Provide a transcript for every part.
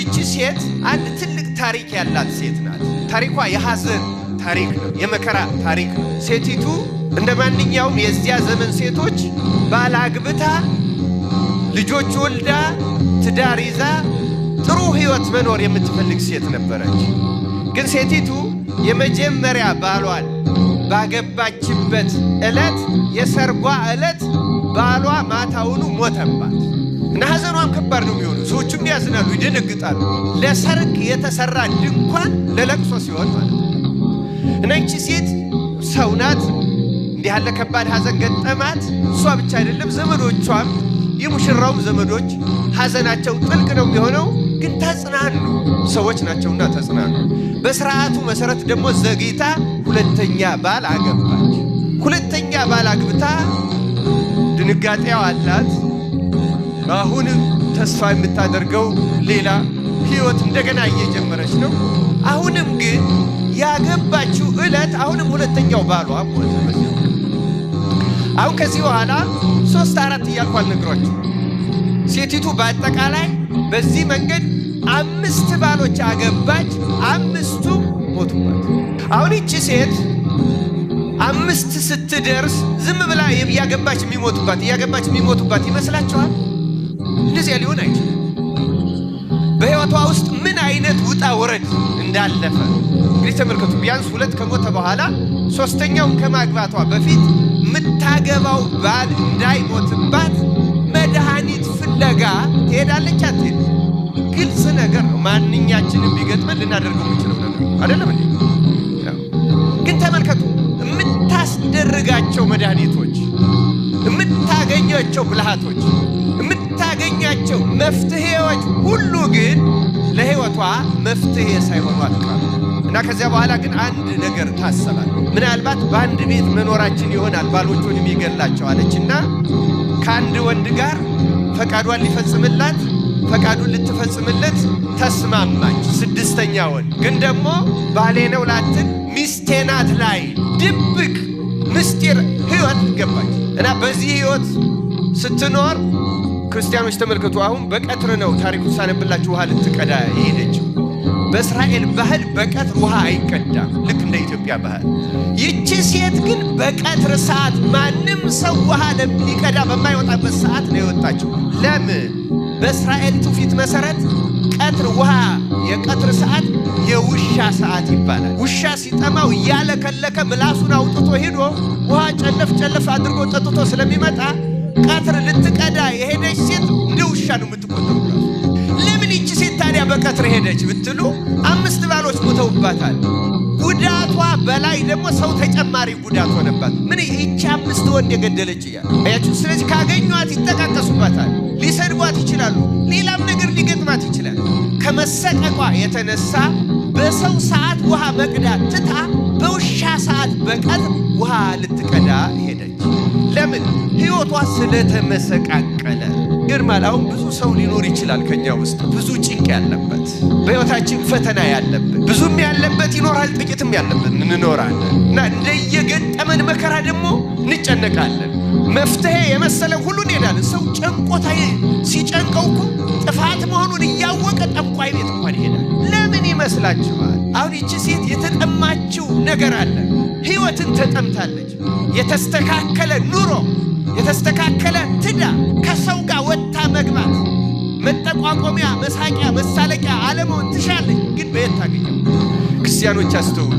ይቺ ሴት አንድ ትልቅ ታሪክ ያላት ሴት ናት። ታሪኳ የሐዘን ታሪክ ነው፣ የመከራ ታሪክ ነው። ሴቲቱ እንደ ማንኛውም የዚያ ዘመን ሴቶች ባል አግብታ ልጆች ወልዳ ትዳር ይዛ ጥሩ ሕይወት መኖር የምትፈልግ ሴት ነበረች። ግን ሴቲቱ የመጀመሪያ ባሏን ባገባችበት ዕለት የሰርጓ ዕለት ባሏ ማታውኑ ሞተባት። እና ሐዘኗም ከባድ ነው የሚሆነው። ሰዎቹም ያዝናሉ፣ ይደነግጣሉ። ለሰርግ የተሰራ ድንኳን ለለቅሶ ሲሆን ማለት ነው። እና ይቺ ሴት ሰው ናት። እንዲህ ያለ ከባድ ሐዘን ገጠማት። እሷ ብቻ አይደለም ዘመዶቿም፣ የሙሽራውም ዘመዶች ሐዘናቸው ጥልቅ ነው የሚሆነው። ግን ተጽናኑ፣ ሰዎች ናቸውና ተጽናኑ። በስርዓቱ መሰረት ደግሞ ዘግይታ ሁለተኛ ባል አገባች። ሁለተኛ ባል አግብታ ድንጋጤዋ አላት። አሁንም ተስፋ የምታደርገው ሌላ ህይወት እንደገና እየጀመረች ነው። አሁንም ግን ያገባችው ዕለት አሁንም ሁለተኛው ባሏ ሞተ። አሁን ከዚህ በኋላ ሶስት አራት እያልኩ አልነግሯችሁ። ሴቲቱ በአጠቃላይ በዚህ መንገድ አምስት ባሎች አገባች፣ አምስቱ ሞቱባት። አሁን ይቺ ሴት አምስት ስትደርስ ዝም ብላ እያገባች የሚሞቱባት እያገባች የሚሞቱባት ይመስላችኋል? እንደዚያ ሊሆን አይችልም። በሕይወቷ ውስጥ ምን አይነት ውጣ ወረድ እንዳለፈ እንግዲህ ተመልከቱ። ቢያንስ ሁለት ከሞተ በኋላ ሶስተኛው ከማግባቷ በፊት የምታገባው ባል እንዳይሞትባት መድኃኒት ፍለጋ ትሄዳለች። አትሄድ ግልጽ ነገር ነው። ማንኛችንም ቢገጥመን ልናደርገው የምንችለው ነገር አይደለም እንዴ? ግን ተመልከቱ የምታስደርጋቸው መድኃኒቶች፣ የምታገኛቸው ብልሃቶች የምታገኛቸው መፍትሄዎች ሁሉ ግን ለህይወቷ መፍትሄ ሳይሆኗት እና ከዚያ በኋላ ግን አንድ ነገር ታሰባል። ምናልባት በአንድ ቤት መኖራችን ይሆናል ባሎቹን የሚገላቸው አለችና ከአንድ ወንድ ጋር ፈቃዷን ሊፈጽምላት ፈቃዱን ልትፈጽምለት ተስማማች። ስድስተኛ ወንድ ግን ደግሞ ባሌ ነው ላትን ሚስቴ ናት ላይ ድብቅ ምስጢር ህይወት ገባች እና በዚህ ህይወት ስትኖር ክርስቲያኖች ተመልከቱ። አሁን በቀትር ነው ታሪኩ ሳነብላችሁ ውሃ ልትቀዳ የሄደችው። በእስራኤል ባህል በቀትር ውሃ አይቀዳም፣ ልክ እንደ ኢትዮጵያ ባህል። ይቺ ሴት ግን በቀትር ሰዓት ማንም ሰው ውሃ ለሚቀዳ በማይወጣበት ሰዓት ነው የወጣችው። ለምን? በእስራኤል ትውፊት መሰረት ቀትር ውሃ የቀትር ሰዓት የውሻ ሰዓት ይባላል። ውሻ ሲጠማው እያለከለከ ምላሱን አውጥቶ ሄዶ ውሃ ጨለፍ ጨለፍ አድርጎ ጠጥቶ ስለሚመጣ ቀትር ልትቀዳ የሄደች ሴት እንደ ውሻ ነው የምትቆጠሩ። ለምን ይቺ ሴት ታዲያ በቀትር ሄደች ብትሉ አምስት ባሎች ሞተውባታል። ጉዳቷ በላይ ደግሞ ሰው ተጨማሪ ጉዳት ሆነባት። ምን ይቺ አምስት ወንድ የገደለች እያለ አያችሁ። ስለዚህ ካገኟት ይጠቃቀሱባታል፣ ሊሰድቧት ይችላሉ፣ ሌላም ነገር ሊገጥማት ይችላል። ከመሰቀቋ የተነሳ በሰው ሰዓት ውሃ መቅዳት ትታ በውሻ ሰዓት በቀትር ውሃ ልትቀዳ ሄደች። ለምን ህይወቷ ስለተመሰቃቀለ ይገርማል። አሁን ብዙ ሰው ሊኖር ይችላል ከኛ ውስጥ ብዙ ጭንቅ ያለበት በሕይወታችን ፈተና ያለበት ብዙም ያለበት ይኖራል፣ ጥቂትም ያለበት እንኖራለን እና እንደየገጠመን መከራ ደግሞ እንጨነቃለን። መፍትሄ የመሰለ ሁሉ እንሄዳለን። ሰው ጨንቆታ ሲጨንቀው እኮ ጥፋት መሆኑን እያወቀ ጠንቋይ ቤት እንኳን ይሄዳል። ለምን ይመስላችኋል? አሁን ይቺ ሴት የተጠማችው ነገር አለ ህይወትን ተጠምታለች። የተስተካከለ ኑሮ፣ የተስተካከለ ትዳር፣ ከሰው ጋር ወጥታ መግባት፣ መጠቋቆሚያ፣ መሳቂያ፣ መሳለቂያ አለመሆን ትሻለች። ግን በየት ታገኘው? ክርስቲያኖች አስተውሉ።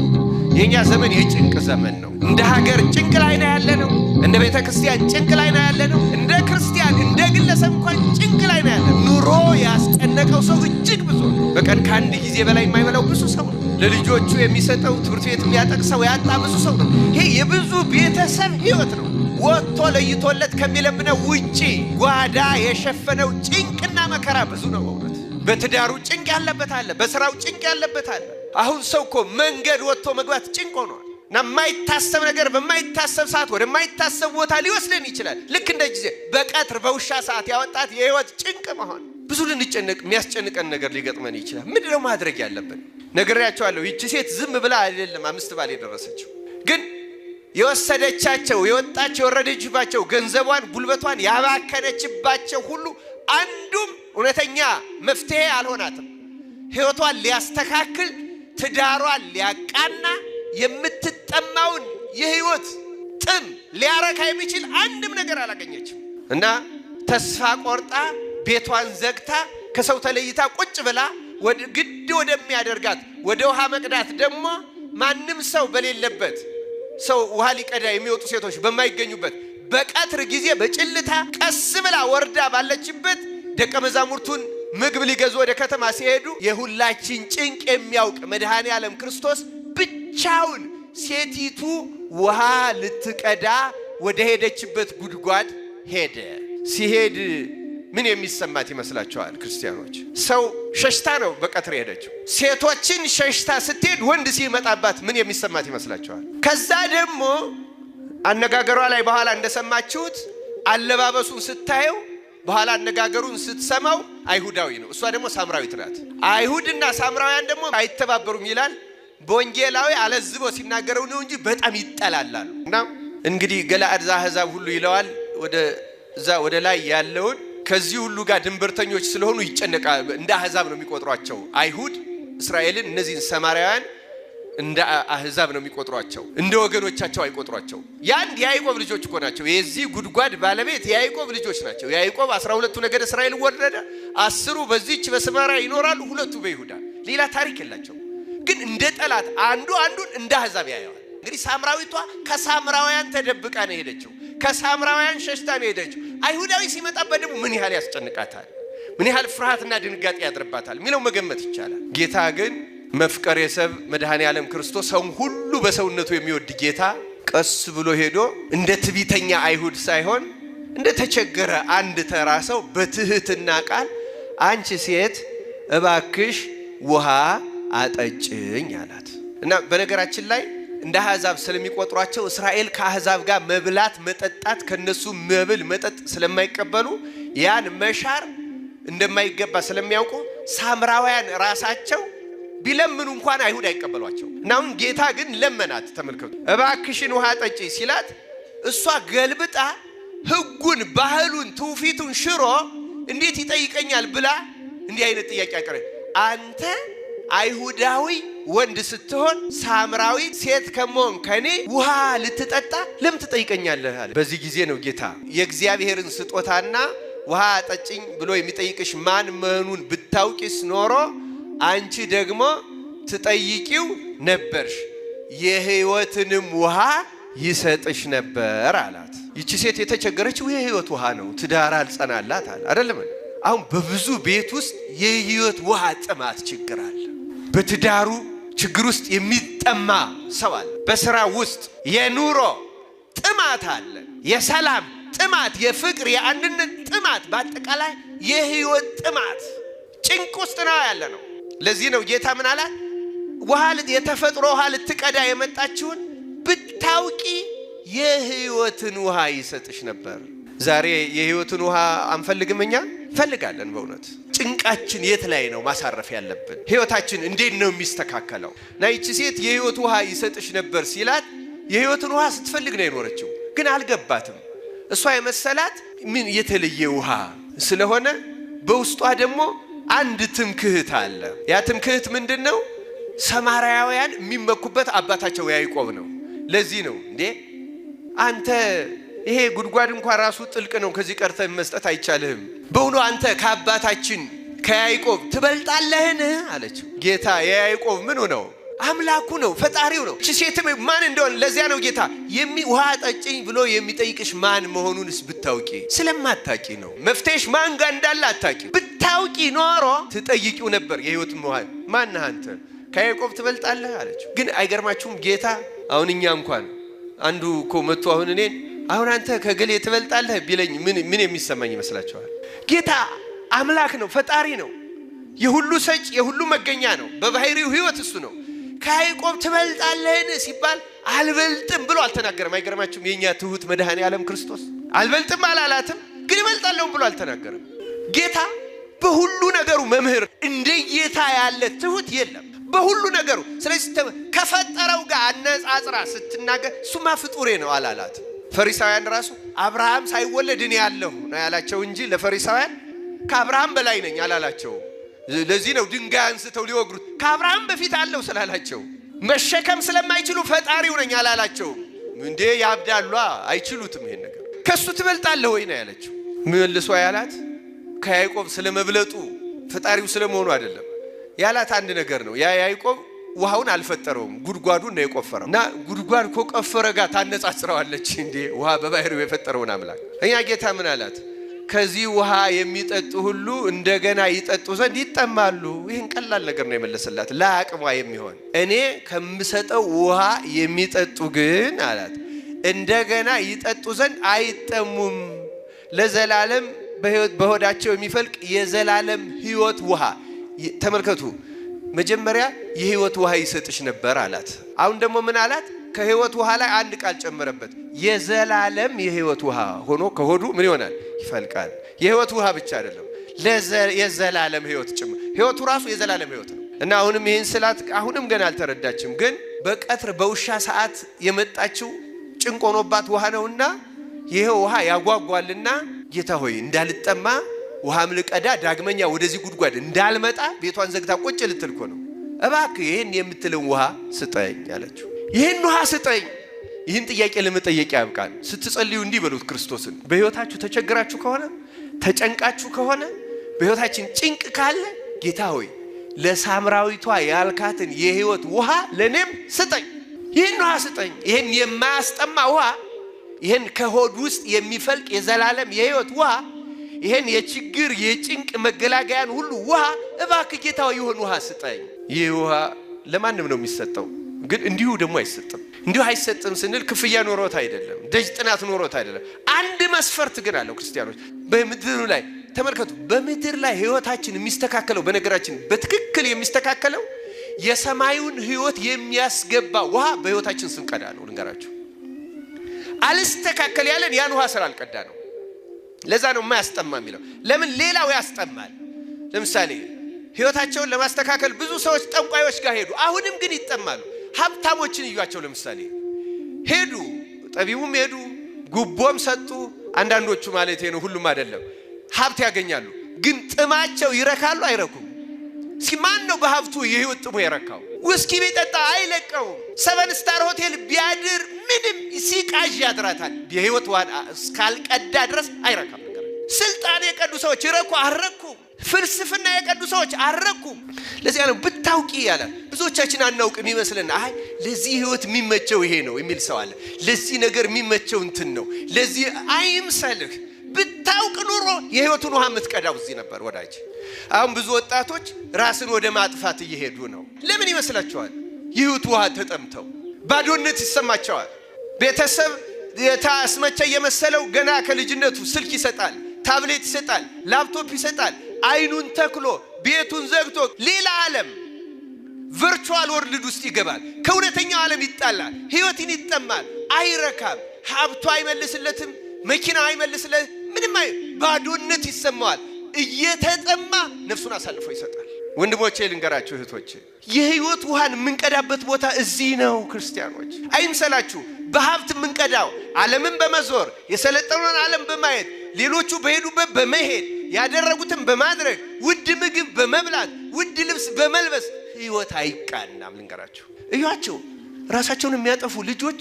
የእኛ ዘመን የጭንቅ ዘመን ነው። እንደ ሀገር ጭንቅ ላይ ነው ያለ ነው። እንደ ቤተ ክርስቲያን ጭንቅ ላይ ነው ያለ ነው። እንደ ክርስቲያን እንደ ግለሰብ እንኳን ጭንቅ ላይ ነው ያለ። ኑሮ ያስጨነቀው ሰው እጅግ ብዙ ነው። በቀን ከአንድ ጊዜ በላይ የማይበላው ብዙ ሰው ነው። ለልጆቹ የሚሰጠው ትምህርት ቤት የሚያጠቅ ሰው ያጣ ብዙ ሰው ነው። ይሄ የብዙ ቤተሰብ ህይወት ነው። ወጥቶ ለይቶለት ከሚለምነው ውጪ ጓዳ የሸፈነው ጭንቅና መከራ ብዙ ነው። በእውነት በትዳሩ ጭንቅ ያለበት አለ፣ በስራው ጭንቅ ያለበት አለ። አሁን ሰው እኮ መንገድ ወጥቶ መግባት ጭንቅ ሆኗል። እና የማይታሰብ ነገር በማይታሰብ ሰዓት ወደ ማይታሰብ ቦታ ሊወስድን ይችላል። ልክ እንደ ጊዜ በቀትር በውሻ ሰዓት ያወጣት የህይወት ጭንቅ መሆን ብዙ ልንጨነቅ የሚያስጨንቀን ነገር ሊገጥመን ይችላል። ምንድነው ማድረግ ያለብን? ነግሬያቸዋለሁ። ይቺ ሴት ዝም ብላ አይደለም አምስት ባል የደረሰችው ግን የወሰደቻቸው የወጣቸው የወረደችባቸው ገንዘቧን ጉልበቷን ያባከነችባቸው ሁሉ አንዱም እውነተኛ መፍትሄ አልሆናትም። ሕይወቷን ሊያስተካክል ትዳሯን ሊያቃና የምትጠማውን የሕይወት ጥም ሊያረካ የሚችል አንድም ነገር አላገኘችም እና ተስፋ ቆርጣ ቤቷን ዘግታ ከሰው ተለይታ ቁጭ ብላ ግድ ወደሚያደርጋት ወደ ውሃ መቅዳት ደግሞ ማንም ሰው በሌለበት ሰው ውሃ ሊቀዳ የሚወጡ ሴቶች በማይገኙበት በቀትር ጊዜ በጭልታ ቀስ ብላ ወርዳ ባለችበት ደቀ መዛሙርቱን ምግብ ሊገዙ ወደ ከተማ ሲሄዱ የሁላችን ጭንቅ የሚያውቅ መድኃኔ ዓለም ክርስቶስ ብቻውን ሴቲቱ ውሃ ልትቀዳ ወደ ሄደችበት ጉድጓድ ሄደ። ሲሄድ ምን የሚሰማት ይመስላችኋል? ክርስቲያኖች፣ ሰው ሸሽታ ነው በቀትር ሄደችው። ሴቶችን ሸሽታ ስትሄድ ወንድ ሲመጣባት ምን የሚሰማት ይመስላችኋል? ከዛ ደግሞ አነጋገሯ ላይ በኋላ እንደሰማችሁት አለባበሱን ስታየው በኋላ አነጋገሩን ስትሰማው አይሁዳዊ ነው፣ እሷ ደግሞ ሳምራዊት ናት። አይሁድና ሳምራውያን ደግሞ አይተባበሩም ይላል በወንጌላዊ አለዝቦ ሲናገረው ነው እንጂ በጣም ይጠላላሉ። እና እንግዲህ ገለአድ አሕዛብ ሁሉ ይለዋል ወደ እዛ ወደ ላይ ያለውን ከዚህ ሁሉ ጋር ድንበርተኞች ስለሆኑ ይጨነቃል። እንደ አህዛብ ነው የሚቆጥሯቸው። አይሁድ እስራኤልን፣ እነዚህን ሰማርያውያን እንደ አህዛብ ነው የሚቆጥሯቸው፣ እንደ ወገኖቻቸው አይቆጥሯቸው። የአንድ የያዕቆብ ልጆች እኮ ናቸው። የዚህ ጉድጓድ ባለቤት የያዕቆብ ልጆች ናቸው። ያዕቆብ አስራ ሁለቱ ነገድ እስራኤል ወለደ። አስሩ በዚች በሰማርያ ይኖራሉ፣ ሁለቱ በይሁዳ። ሌላ ታሪክ የላቸው። ግን እንደ ጠላት አንዱ አንዱን እንደ አህዛብ ያየዋል። እንግዲህ ሳምራዊቷ ከሳምራውያን ተደብቃ ነው የሄደችው። ከሳምራውያን ሸሽታ ነው አይሁዳዊ ሲመጣበት ደግሞ ምን ያህል ያስጨንቃታል፣ ምን ያህል ፍርሃትና ድንጋጤ ያድርባታል የሚለው መገመት ይቻላል። ጌታ ግን መፍቀር የሰብ መድኃኔ ዓለም ክርስቶስ ሰውን ሁሉ በሰውነቱ የሚወድ ጌታ ቀስ ብሎ ሄዶ እንደ ትቢተኛ አይሁድ ሳይሆን እንደ ተቸገረ አንድ ተራ ሰው በትህትና ቃል አንቺ ሴት እባክሽ ውሃ አጠጭኝ አላት እና በነገራችን ላይ እንደ አህዛብ ስለሚቆጥሯቸው እስራኤል ከአህዛብ ጋር መብላት መጠጣት ከነሱ መብል መጠጥ ስለማይቀበሉ ያን መሻር እንደማይገባ ስለሚያውቁ ሳምራውያን ራሳቸው ቢለምኑ እንኳን አይሁድ አይቀበሏቸው እናሁን ጌታ ግን ለመናት። ተመልከቱ፣ እባክሽን ውሃ ጠጪ ሲላት እሷ ገልብጣ ሕጉን ባህሉን ትውፊቱን ሽሮ እንዴት ይጠይቀኛል ብላ እንዲህ አይነት ጥያቄ አቀረ አንተ አይሁዳዊ ወንድ ስትሆን ሳምራዊ ሴት ከመሆን ከኔ ውሃ ልትጠጣ ለምን ትጠይቀኛለህ? አለ። በዚህ ጊዜ ነው ጌታ የእግዚአብሔርን ስጦታና ውሃ ጠጭኝ ብሎ የሚጠይቅሽ ማን መሆኑን ብታውቂስ ኖሮ አንቺ ደግሞ ትጠይቂው ነበርሽ፣ የህይወትንም ውሃ ይሰጥሽ ነበር አላት። ይቺ ሴት የተቸገረችው የህይወት ውሃ ነው። ትዳር አልጸናላት አለ አደለምን? አሁን በብዙ ቤት ውስጥ የህይወት ውሃ ጥማት ችግር አለ። በትዳሩ ችግር ውስጥ የሚጠማ ሰው አለ። በስራ ውስጥ የኑሮ ጥማት አለ። የሰላም ጥማት፣ የፍቅር የአንድነት ጥማት፣ በአጠቃላይ የህይወት ጥማት ጭንቅ ውስጥ ነው ያለ ነው። ለዚህ ነው ጌታ ምን አላት? ውሃ የተፈጥሮ ውሃ ልትቀዳ የመጣችውን ብታውቂ የህይወትን ውሃ ይሰጥሽ ነበር። ዛሬ የህይወትን ውሃ አንፈልግም እኛ እንፈልጋለን። በእውነት ጭንቃችን የት ላይ ነው ማሳረፍ ያለብን? ህይወታችን እንዴት ነው የሚስተካከለው? ይቺ ሴት የህይወት ውሃ ይሰጥሽ ነበር ሲላት የህይወትን ውሃ ስትፈልግ ነው የኖረችው፣ ግን አልገባትም። እሷ የመሰላት ምን የተለየ ውሃ ስለሆነ በውስጧ ደግሞ አንድ ትምክህት አለ። ያ ትምክህት ምንድን ነው? ሰማራያውያን የሚመኩበት አባታቸው ያዕቆብ ነው። ለዚህ ነው እንዴ አንተ ይሄ ጉድጓድ እንኳን ራሱ ጥልቅ ነው። ከዚህ ቀርተህ መስጠት አይቻልህም። በእውኑ አንተ ከአባታችን ከያይቆብ ትበልጣለህን አለችው። ጌታ የያይቆብ ምኑ ነው? አምላኩ ነው፣ ፈጣሪው ነው። እቺ ሴትም ማን እንደሆነ ለዚያ ነው ጌታ ውሃ ጠጭኝ ብሎ የሚጠይቅሽ ማን መሆኑንስ ብታውቂ፣ ስለማታቂ ነው። መፍትሄሽ ማን ጋር እንዳለ አታቂ። ብታውቂ ኖሮ ትጠይቂው ነበር። የህይወት ውሃ ማነህ አንተ ከያይቆብ ትበልጣለህ አለችው። ግን አይገርማችሁም? ጌታ አሁን እኛ እንኳን አንዱ እኮ መጥቶ አሁን እኔን አሁን አንተ ከገሌ ትበልጣለህ ቢለኝ ምን ምን የሚሰማኝ ይመስላችኋል? ጌታ አምላክ ነው፣ ፈጣሪ ነው፣ የሁሉ ሰጭ፣ የሁሉ መገኛ ነው። በባህሪው ህይወት እሱ ነው። ከያዕቆብ ትበልጣለህን ሲባል አልበልጥም ብሎ አልተናገረም። አይገርማችሁም? የእኛ ትሁት መድኃኔ ዓለም ክርስቶስ አልበልጥም አላላትም፣ ግን እበልጣለሁም ብሎ አልተናገረም። ጌታ በሁሉ ነገሩ መምህር እንደ ጌታ ያለ ትሁት የለም በሁሉ ነገሩ። ስለዚህ ከፈጠረው ጋር አነጻጽራ ስትናገር እሱማ ፍጡሬ ነው አላላትም። ፈሪሳውያን ራሱ አብርሃም ሳይወለድ እኔ ያለሁ ነው ያላቸው እንጂ ለፈሪሳውያን ከአብርሃም በላይ ነኝ አላላቸው። ለዚህ ነው ድንጋይ አንስተው ሊወግሩት ከአብርሃም በፊት አለው ስላላቸው መሸከም ስለማይችሉ ፈጣሪው ነኝ አላላቸው። እንዴ ያብዳሏ፣ አይችሉትም ይሄን ነገር። ከእሱ ትበልጣለህ ወይ ነው ያለችው። መልሶ ያላት ከያዕቆብ ስለመብለጡ ፈጣሪው ስለመሆኑ አይደለም ያላት አንድ ነገር ነው ያ ያዕቆብ ውሃውን አልፈጠረውም፣ ጉድጓዱን ነው የቆፈረው። እና ጉድጓድ ከቆፈረ ጋር ታነጻጽረዋለች እንዴ? ውሃ በባህሩ የፈጠረውን አምላክ። እኛ ጌታ ምን አላት? ከዚህ ውሃ የሚጠጡ ሁሉ እንደገና ይጠጡ ዘንድ ይጠማሉ። ይህን ቀላል ነገር ነው የመለሰላት፣ ለአቅሟ የሚሆን እኔ ከምሰጠው ውሃ የሚጠጡ ግን አላት እንደገና ይጠጡ ዘንድ አይጠሙም፣ ለዘላለም በሆዳቸው የሚፈልቅ የዘላለም ሕይወት ውሃ። ተመልከቱ መጀመሪያ የህይወት ውሃ ይሰጥሽ ነበር አላት። አሁን ደግሞ ምን አላት? ከህይወት ውሃ ላይ አንድ ቃል ጨመረበት። የዘላለም የህይወት ውሃ ሆኖ ከሆዱ ምን ይሆናል? ይፈልቃል። የህይወት ውሃ ብቻ አይደለም፣ የዘላለም ህይወት ጭምር። ህይወቱ ራሱ የዘላለም ህይወት ነው እና አሁንም ይህን ስላት አሁንም ገና አልተረዳችም። ግን በቀትር በውሻ ሰዓት የመጣችው ጭንቆኖባት ውሃ ነውና ይሄ ውሃ ያጓጓልና ጌታ ሆይ እንዳልጠማ ውሃም ልቀዳ ዳግመኛ ወደዚህ ጉድጓድ እንዳልመጣ ቤቷን ዘግታ ቁጭ ልትልኮ ነው። እባክህ ይህን የምትልን ውሃ ስጠኝ አለችው። ይህን ውሃ ስጠኝ። ይህን ጥያቄ ለመጠየቅ ያብቃል። ስትጸልዩ እንዲህ በሉት ክርስቶስን። በሕይወታችሁ ተቸግራችሁ ከሆነ ተጨንቃችሁ ከሆነ በሕይወታችን ጭንቅ ካለ ጌታ ሆይ ለሳምራዊቷ ያልካትን የሕይወት ውሃ ለእኔም ስጠኝ። ይህን ውሃ ስጠኝ። ይህን የማያስጠማ ውሃ፣ ይህን ከሆድ ውስጥ የሚፈልቅ የዘላለም የሕይወት ውሃ ይሄን የችግር የጭንቅ መገላገያን ሁሉ ውሃ እባክህ ጌታ ይሆን ውሃ ስጠኝ። ይህ ውሃ ለማንም ነው የሚሰጠው፣ ግን እንዲሁ ደግሞ አይሰጥም። እንዲሁ አይሰጥም ስንል ክፍያ ኖሮት አይደለም፣ ደጅ ጥናት ኖሮት አይደለም። አንድ መስፈርት ግን አለው። ክርስቲያኖች በምድሩ ላይ ተመልከቱ። በምድር ላይ ህይወታችን የሚስተካከለው በነገራችን በትክክል የሚስተካከለው የሰማዩን ህይወት የሚያስገባ ውሃ በህይወታችን ስንቀዳ ነው። ልንገራችሁ፣ አልስተካከል ያለን ያን ውሃ ስራ አልቀዳ ነው። ለዛ ነው የማያስጠማ የሚለው። ለምን ሌላው ያስጠማል። ለምሳሌ ህይወታቸውን ለማስተካከል ብዙ ሰዎች ጠንቋዮች ጋር ሄዱ። አሁንም ግን ይጠማሉ። ሀብታሞችን እዩዋቸው። ለምሳሌ ሄዱ፣ ጠቢቡም ሄዱ፣ ጉቦም ሰጡ። አንዳንዶቹ ማለት ነው፣ ሁሉም አይደለም። ሀብት ያገኛሉ፣ ግን ጥማቸው ይረካሉ። አይረኩም። እስኪ ማን ነው በሀብቱ የህይወት ጥሙ የረካው? ውስኪ ቢጠጣ አይለቀው፣ ሰቨን ስታር ሆቴል ቢያድር ምንም ሲቃዥ ያድራታል። የህይወት ዋዳ እስካልቀዳ ድረስ አይረካም። ነገር ስልጣን የቀዱ ሰዎች ረኩ አረኩ፣ ፍልስፍና የቀዱ ሰዎች አረኩ። ለዚህ ያለው ብታውቂ ያለ ብዙዎቻችን አናውቅ የሚመስልን አይ ለዚህ ህይወት የሚመቸው ይሄ ነው የሚል ሰው አለ። ለዚህ ነገር የሚመቸው እንትን ነው። ለዚህ አይምሰልህ ብታውቅ ኑሮ የህይወቱን ውሃ የምትቀዳው እዚህ ነበር ወዳጅ። አሁን ብዙ ወጣቶች ራስን ወደ ማጥፋት እየሄዱ ነው። ለምን ይመስላችኋል? የህይወት ውሃ ተጠምተው ባዶነት ይሰማቸዋል። ቤተሰብ የታስመቸ የመሰለው ገና ከልጅነቱ ስልክ ይሰጣል፣ ታብሌት ይሰጣል፣ ላፕቶፕ ይሰጣል። አይኑን ተክሎ ቤቱን ዘግቶ ሌላ ዓለም ቨርቹዋል ወርልድ ውስጥ ይገባል። ከእውነተኛው ዓለም ይጣላል። ህይወትን ይጠማል። አይረካም። ሀብቱ አይመልስለትም። መኪና አይመልስለት። ምንም ባዶነት ይሰማዋል። እየተጠማ ነፍሱን አሳልፎ ይሰጣል። ወንድሞቼ ልንገራችሁ፣ እህቶቼ የህይወት ውሃን የምንቀዳበት ቦታ እዚህ ነው። ክርስቲያኖች አይምሰላችሁ። በሀብት የምንቀዳው ዓለምን በመዞር የሰለጠኑን ዓለም በማየት ሌሎቹ በሄዱበት በመሄድ ያደረጉትን በማድረግ ውድ ምግብ በመብላት ውድ ልብስ በመልበስ ህይወት አይቃናም። ልንገራችሁ፣ እዩዋቸው። ራሳቸውን የሚያጠፉ ልጆች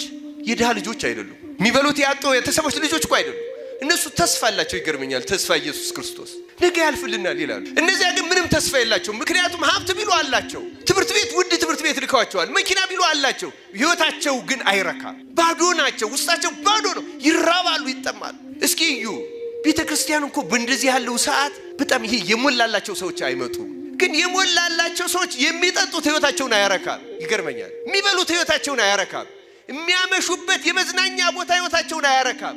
የድሃ ልጆች አይደሉም። የሚበሉት ያጡ ቤተሰቦች ልጆች እኮ አይደሉም። እነሱ ተስፋ አላቸው። ይገርመኛል። ተስፋ ኢየሱስ ክርስቶስ ነገ ያልፍልናል ይላሉ። እነዚያ ግን ምንም ተስፋ የላቸው ምክንያቱም ሀብት ቢሉ አላቸው። ትምህርት ቤት ውድ ትምህርት ቤት ልከዋቸዋል። መኪና ቢሉ አላቸው። ህይወታቸው ግን አይረካም። ባዶ ናቸው። ውስጣቸው ባዶ ነው። ይራባሉ፣ ይጠማሉ። እስኪ እዩ። ቤተ ክርስቲያን እኮ በእንደዚህ ያለው ሰዓት በጣም ይሄ የሞላላቸው ሰዎች አይመጡም። ግን የሞላላቸው ሰዎች የሚጠጡት ህይወታቸውን አያረካም። ይገርመኛል። የሚበሉት ህይወታቸውን አያረካም። የሚያመሹበት የመዝናኛ ቦታ ህይወታቸውን አያረካም።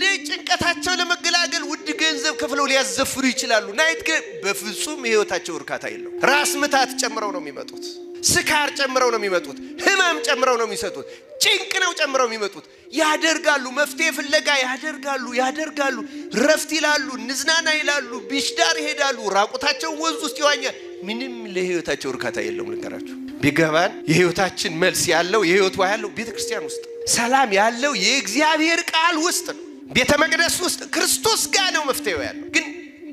ለጭንቀታቸው ለመገላገል ውድ ገንዘብ ከፍለው ሊያዘፍሩ ይችላሉ። ናይት ግን በፍጹም የህይወታቸው እርካታ የለው። ራስ ምታት ጨምረው ነው የሚመጡት። ስካር ጨምረው ነው የሚመጡት። ህመም ጨምረው ነው የሚሰጡት። ጭንቅ ነው ጨምረው የሚመጡት። ያደርጋሉ፣ መፍትሄ ፍለጋ ያደርጋሉ፣ ያደርጋሉ። ረፍት ይላሉ፣ ንዝናና ይላሉ፣ ቢሽዳር ይሄዳሉ፣ ራቁታቸውን ወንዝ ውስጥ ይዋኛል። ምንም ለህይወታቸው እርካታ የለውም። ልንገራችሁ ቢገባን የህይወታችን መልስ ያለው የህይወት ውሃ ያለው ቤተ ክርስቲያን ውስጥ ሰላም ያለው የእግዚአብሔር ቃል ውስጥ ነው። ቤተ መቅደስ ውስጥ ክርስቶስ ጋር ነው መፍትሄው ያለው። ግን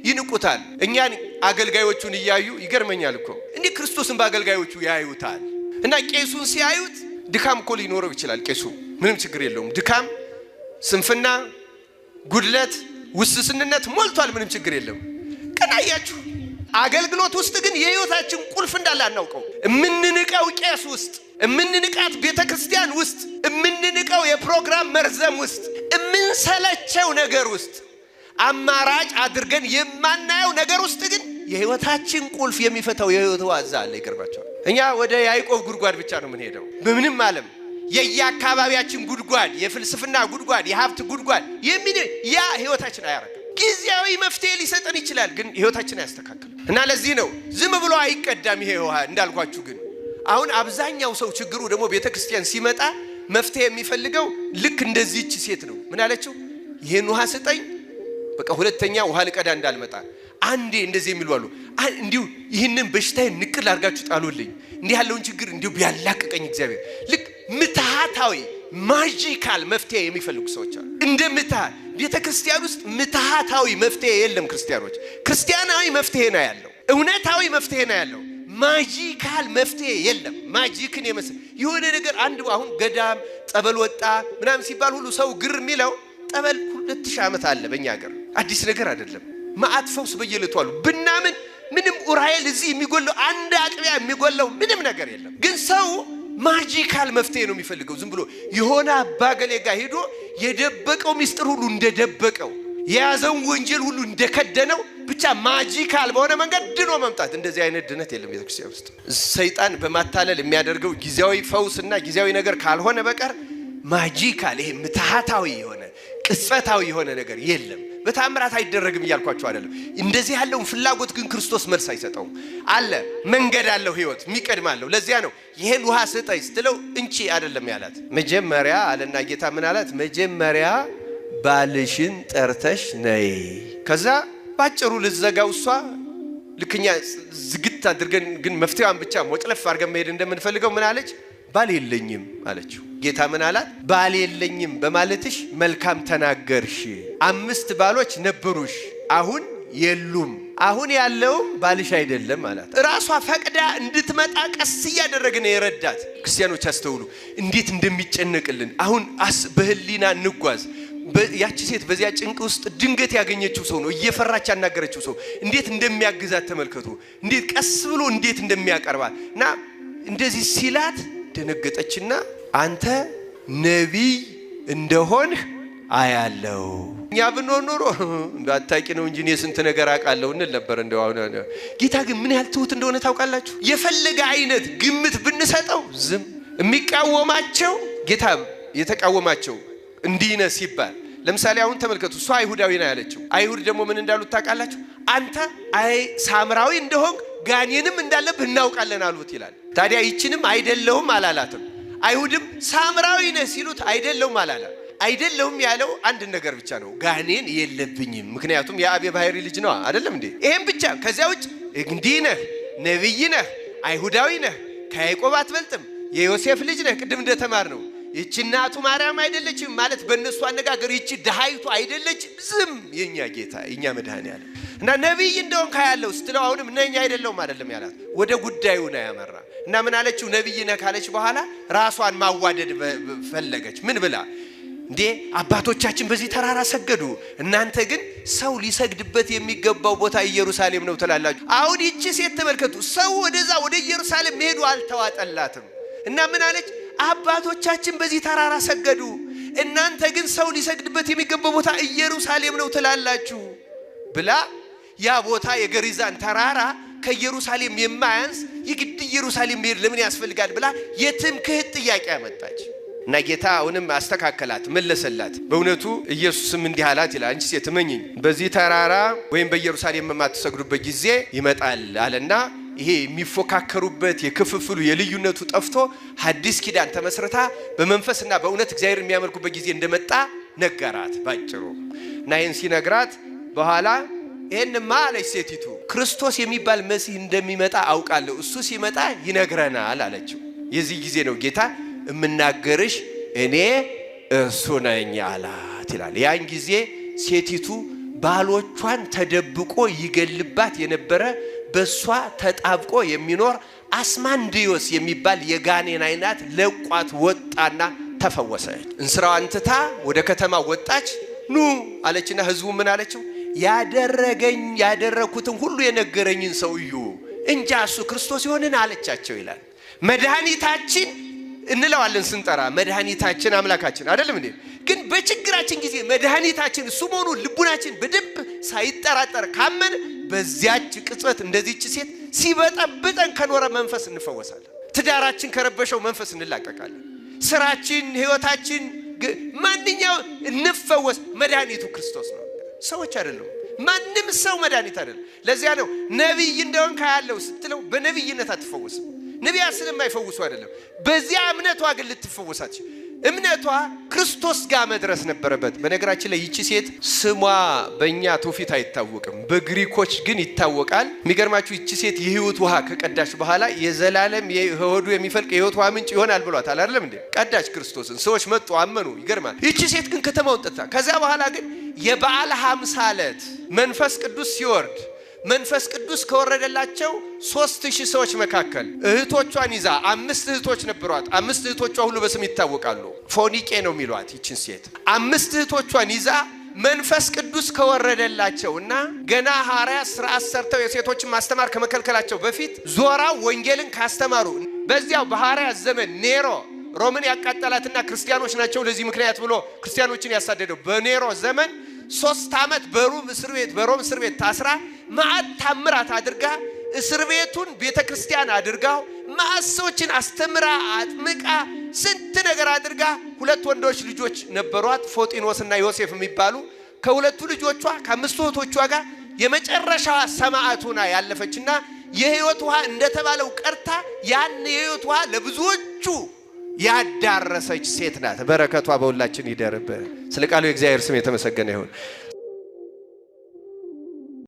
ይንቁታል። እኛን አገልጋዮቹን እያዩ ይገርመኛል እኮ እንዲህ ክርስቶስን በአገልጋዮቹ ያዩታል። እና ቄሱን ሲያዩት ድካም እኮ ሊኖረው ይችላል። ቄሱ ምንም ችግር የለውም። ድካም፣ ስንፍና፣ ጉድለት፣ ውስስንነት ሞልቷል። ምንም ችግር የለውም። ቀናያችሁ አገልግሎት ውስጥ ግን የህይወታችን ቁልፍ እንዳለ አናውቀው። የምንንቀው ቄስ ውስጥ፣ የምንንቃት ቤተ ክርስቲያን ውስጥ፣ የምንንቀው የፕሮግራም መርዘም ውስጥ በምንሰለቸው ነገር ውስጥ አማራጭ አድርገን የማናየው ነገር ውስጥ ግን የህይወታችን ቁልፍ የሚፈታው የህይወት ዋዛ አለ። ይቀርባቸዋል። እኛ ወደ ያዕቆብ ጉድጓድ ብቻ ነው የምንሄደው። በምንም ዓለም የየአካባቢያችን ጉድጓድ፣ የፍልስፍና ጉድጓድ፣ የሀብት ጉድጓድ የሚል ያ ህይወታችን አያረግም። ጊዜያዊ መፍትሄ ሊሰጠን ይችላል፣ ግን ህይወታችን አያስተካክልም። እና ለዚህ ነው ዝም ብሎ አይቀዳም ይሄ ውሃ እንዳልኳችሁ። ግን አሁን አብዛኛው ሰው ችግሩ ደግሞ ቤተ ክርስቲያን ሲመጣ መፍትሄ የሚፈልገው ልክ እንደዚህች ሴት ነው። ምን አለችው? ይህን ውሃ ስጠኝ፣ በቃ ሁለተኛ ውሃ ልቀዳ እንዳልመጣ። አንዴ እንደዚህ የሚሉ አሉ። እንዲሁ ይህንን በሽታዬ ንቅል አድርጋችሁ ጣሉልኝ፣ እንዲህ ያለውን ችግር እንዲሁ ቢያላቅቀኝ እግዚአብሔር። ልክ ምትሃታዊ ማጂካል መፍትሄ የሚፈልጉ ሰዎች አሉ። እንደ ምትሃት ቤተ ክርስቲያን ውስጥ ምትሃታዊ መፍትሄ የለም። ክርስቲያኖች ክርስቲያናዊ መፍትሄ ነው ያለው፣ እውነታዊ መፍትሄ ነው ያለው። ማጂካል መፍትሄ የለም። ማጂክን የመስል የሆነ ነገር አንድ አሁን ገዳም ጠበል ወጣ ምናምን ሲባል ሁሉ ሰው ግር የሚለው ጠበል ሁለት ሺህ ዓመት አለ። በእኛ ሀገር አዲስ ነገር አይደለም። ማአት ፈውስ በየለቱ አሉ ብናምን ምንም ኡራኤል እዚህ የሚጎለው አንድ አጥቢያ የሚጎለው ምንም ነገር የለም። ግን ሰው ማጂካል መፍትሄ ነው የሚፈልገው። ዝም ብሎ የሆነ አባገሌ ጋር ሄዶ የደበቀው ሚስጥር ሁሉ እንደደበቀው የያዘውን ወንጀል ሁሉ እንደከደነው ብቻ ማጂካል በሆነ መንገድ ድኖ መምጣት። እንደዚህ አይነት ድነት የለም ቤተክርስቲያን ውስጥ። ሰይጣን በማታለል የሚያደርገው ጊዜያዊ ፈውስና ጊዜያዊ ነገር ካልሆነ በቀር ማጂካል ይሄ ምትሃታዊ የሆነ ቅጽበታዊ የሆነ ነገር የለም። በታምራት አይደረግም እያልኳቸው አይደለም። እንደዚህ ያለውን ፍላጎት ግን ክርስቶስ መልስ አይሰጠውም። አለ መንገድ አለው ህይወት የሚቀድም አለው። ለዚያ ነው ይሄን ውሃ ስጠኝ ስትለው እንቺ አይደለም ያላት። መጀመሪያ አለና ጌታ ምን አላት? መጀመሪያ ባልሽን ጠርተሽ ነይ ከዛ ባጭሩ ልዘጋው እሷ ልክኛ ዝግት አድርገን ግን መፍትሄዋን ብቻ ሞጭለፍ አድርገን መሄድ እንደምንፈልገው ምን አለች? ባል የለኝም አለችው። ጌታ ምን አላት? ባል የለኝም በማለትሽ መልካም ተናገርሽ። አምስት ባሎች ነበሩሽ፣ አሁን የሉም። አሁን ያለውም ባልሽ አይደለም አላት። እራሷ ፈቅዳ እንድትመጣ ቀስ እያደረግን ነው የረዳት። ክርስቲያኖች አስተውሉ፣ እንዴት እንደሚጨነቅልን አሁን በህሊና እንጓዝ ያቺ ሴት በዚያ ጭንቅ ውስጥ ድንገት ያገኘችው ሰው ነው። እየፈራች ያናገረችው ሰው እንዴት እንደሚያግዛት ተመልከቱ። እንዴት ቀስ ብሎ እንዴት እንደሚያቀርባት እና እንደዚህ ሲላት ደነገጠችና አንተ ነቢይ እንደሆንህ አያለው። እኛ ብንሆን ኖሮ እንዳታቂ ነው እንጂ እኔ ስንት ነገር አውቃለሁ እንል ነበር። እንደ ጌታ ግን ምን ያህል ትሁት እንደሆነ ታውቃላችሁ? የፈለገ አይነት ግምት ብንሰጠው ዝም የሚቃወማቸው ጌታ የተቃወማቸው እንዲህ ነህ ሲባል ለምሳሌ አሁን ተመልከቱ። እሷ አይሁዳዊ ነው ያለችው። አይሁድ ደግሞ ምን እንዳሉት ታውቃላችሁ? አንተ አይ ሳምራዊ እንደሆንክ ጋኔንም እንዳለብህ እናውቃለን አሉት ይላል። ታዲያ ይችንም አይደለሁም አላላትም። አይሁድም ሳምራዊ ነህ ሲሉት አይደለሁም አላላ አይደለሁም ያለው አንድ ነገር ብቻ ነው፣ ጋኔን የለብኝም። ምክንያቱም የአብ የባህሪ ልጅ ነዋ አይደለም እንዴ? ይሄም ብቻ። ከዚያ ውጭ እንዲህ ነህ፣ ነቢይ ነህ፣ አይሁዳዊ ነህ፣ ከያዕቆብ አትበልጥም፣ የዮሴፍ ልጅ ነህ። ቅድም እንደተማር ነው ይቺ እናቱ ማርያም አይደለችም ማለት በእነሱ አነጋገር ይቺ ድሃይቱ አይደለችም። ዝም የእኛ ጌታ የእኛ ያለ እና ነቢይ እንደሆን ካያለው ስትለው አሁንም ነኝ አይደለውም አይደለም ያላት ወደ ጉዳዩ ነው ያመራ እና ምን አለችው? ነቢይ ነህ ካለች በኋላ ራሷን ማዋደድ ፈለገች። ምን ብላ እንዴ አባቶቻችን በዚህ ተራራ ሰገዱ፣ እናንተ ግን ሰው ሊሰግድበት የሚገባው ቦታ ኢየሩሳሌም ነው ትላላችሁ። አሁን ይቺ ሴት ተመልከቱ፣ ሰው ወደዛ ወደ ኢየሩሳሌም መሄዱ አልተዋጠላትም እና ምን አለች? አባቶቻችን በዚህ ተራራ ሰገዱ። እናንተ ግን ሰው ሊሰግድበት የሚገባው ቦታ ኢየሩሳሌም ነው ትላላችሁ ብላ ያ ቦታ የገሪዛን ተራራ ከኢየሩሳሌም የማያንስ የግድ ኢየሩሳሌም መሄድ ለምን ያስፈልጋል ብላ የትምክህት ጥያቄ አመጣች እና ጌታ አሁንም አስተካከላት፣ መለሰላት። በእውነቱ ኢየሱስም እንዲህ አላት ይላል፣ አንቺ ሴት እመኚኝ፣ በዚህ ተራራ ወይም በኢየሩሳሌም የማትሰግዱበት ጊዜ ይመጣል አለና ይሄ የሚፎካከሩበት የክፍፍሉ የልዩነቱ ጠፍቶ ሐዲስ ኪዳን ተመስርታ በመንፈስና በእውነት እግዚአብሔር የሚያመልኩበት ጊዜ እንደመጣ ነገራት ባጭሩ። እና ይህን ሲነግራት በኋላ ይህንማ አለች ሴቲቱ፣ ክርስቶስ የሚባል መሲህ እንደሚመጣ አውቃለሁ፣ እሱ ሲመጣ ይነግረናል አለችው። የዚህ ጊዜ ነው ጌታ እምናገርሽ እኔ እሱ ነኝ አላት ይላል። ያን ጊዜ ሴቲቱ ባሎቿን ተደብቆ ይገልባት የነበረ በእሷ ተጣብቆ የሚኖር አስማንዲዮስ የሚባል የጋኔን አይናት ለቋት ወጣና ተፈወሰች። እንስራዋን ትታ ወደ ከተማ ወጣች። ኑ አለችና ህዝቡ ምን አለችው? ያደረገኝ ያደረግኩትን ሁሉ የነገረኝን ሰው እዩ እንጂ እሱ ክርስቶስ ይሆንን አለቻቸው ይላል። መድኃኒታችን እንለዋለን ስንጠራ፣ መድኃኒታችን አምላካችን አይደለም እንዴ? ግን በችግራችን ጊዜ መድኃኒታችን እሱ መሆኑ ልቡናችን በደንብ ሳይጠራጠር ካመን በዚያች ቅጽበት እንደዚች ሴት ሲበጠብጠን ከኖረ መንፈስ እንፈወሳለን። ትዳራችን ከረበሸው መንፈስ እንላቀቃለን። ስራችን፣ ህይወታችን፣ ማንኛው እንፈወስ። መድኃኒቱ ክርስቶስ ነው፣ ሰዎች አይደለም። ማንም ሰው መድኃኒት አይደለም። ለዚያ ነው ነቢይ እንደሆን ካያለው ስትለው በነቢይነት አትፈወስም። ነቢያ ስለማይፈውሱ አይደለም። በዚያ እምነቷ ግን ልትፈወሳት እምነቷ ክርስቶስ ጋር መድረስ ነበረበት። በነገራችን ላይ ይቺ ሴት ስሟ በእኛ ትውፊት አይታወቅም፣ በግሪኮች ግን ይታወቃል። የሚገርማችሁ ይቺ ሴት የህይወት ውሃ ከቀዳች በኋላ የዘላለም ሆዱ የሚፈልቅ የህይወት ውሃ ምንጭ ይሆናል ብሏታል። አይደለም እንዴ? ቀዳች ክርስቶስን። ሰዎች መጡ፣ አመኑ። ይገርማል። ይቺ ሴት ግን ከተማ ወጥታ ከዚያ በኋላ ግን የበዓል ሀምሳ ዕለት መንፈስ ቅዱስ ሲወርድ መንፈስ ቅዱስ ከወረደላቸው ሶስት ሺህ ሰዎች መካከል እህቶቿን ይዛ አምስት እህቶች ነበሯት። አምስት እህቶቿ ሁሉ በስም ይታወቃሉ። ፎኒቄ ነው የሚሏት ይችን ሴት። አምስት እህቶቿን ይዛ መንፈስ ቅዱስ ከወረደላቸው እና ገና ሐዋርያ ሥርዓት ሰርተው የሴቶችን ማስተማር ከመከልከላቸው በፊት ዞራው ወንጌልን ካስተማሩ በዚያው በሐዋርያ ዘመን ኔሮ ሮምን ያቃጠላትና ክርስቲያኖች ናቸው ለዚህ ምክንያት ብሎ ክርስቲያኖችን ያሳደደው በኔሮ ዘመን ሶስት ዓመት በሩም እስር ቤት በሮም እስር ቤት ታስራ መዓት ታምራት አድርጋ እስር ቤቱን ቤተ ክርስቲያን አድርጋው መዓት ሰዎችን አስተምራ አጥምቃ ስንት ነገር አድርጋ ሁለት ወንዶች ልጆች ነበሯት፣ ፎጢኖስና ዮሴፍ የሚባሉ ከሁለቱ ልጆቿ ከአምስቱ እህቶቿ ጋር የመጨረሻዋ ሰማዕት ሆና ያለፈችና የህይወት ውሃ እንደተባለው ቀርታ ያን የህይወት ውሃ ለብዙዎቹ ያዳረሰች ሴት ናት። በረከቷ በሁላችን ይደርብ። ስለ ቃሉ የእግዚአብሔር ስም የተመሰገነ ይሁን።